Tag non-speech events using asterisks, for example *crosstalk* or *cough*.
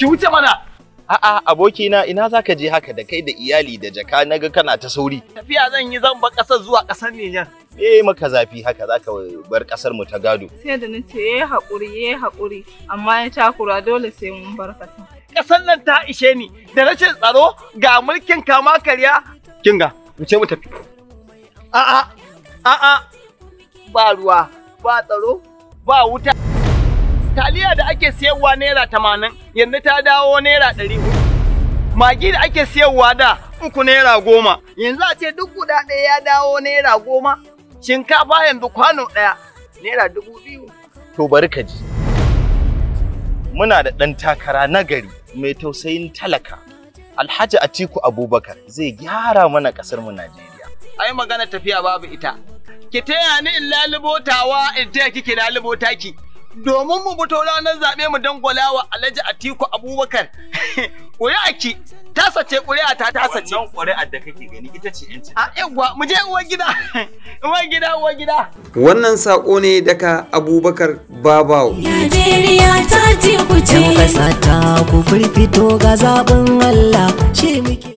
ki wuce mana a'a abokina ina zaka je haka da kai da iyali da jaka naga kana ta sauri tafiya zan yi zan bar kasar zuwa kasar Nijar eh maka zafi haka zaka bar kasar mu ta gado sai da nace yayi hakuri yayi hakuri amma ya takura dole sai mun bar kasar kasar nan ta ishe ni da rashin tsaro ga mulkin kama karya kinga mu ce mu tafi a'a a'a ba ruwa ba tsaro ba wuta Taliya da ake siyarwa naira tamanin yanzu ta dawo naira ɗari Magi da ake siyarwa da uku naira goma yanzu a ce duk guda ɗaya ya dawo naira goma. Shinkafa yanzu kwano ɗaya naira dubu biyu. To bari ka ji. Muna da ɗan takara na gari mai tausayin talaka. Alhaji Atiku Abubakar zai gyara mana ƙasar mu Najeriya. Ai magana tafiya babu ita. Ki taya ni in lalubotawa in taya kike lalubota ki? domin mu fito ranar zaɓe mu don wa Alhaji Atiku Abubakar. *laughs* Ƙuri'aki ta sace ƙuri'a ta ta sace. Wannan ƙuri'ar da kake gani ita ce yanci. A yawwa, mu je uwar gida. *laughs* Uwar gida uwar gida. Wannan saƙo ne daga Abubakar Babawo. Najeriya ta ce ku ce. Yan ƙasa ku firfito ga zaɓin Allah shi muke.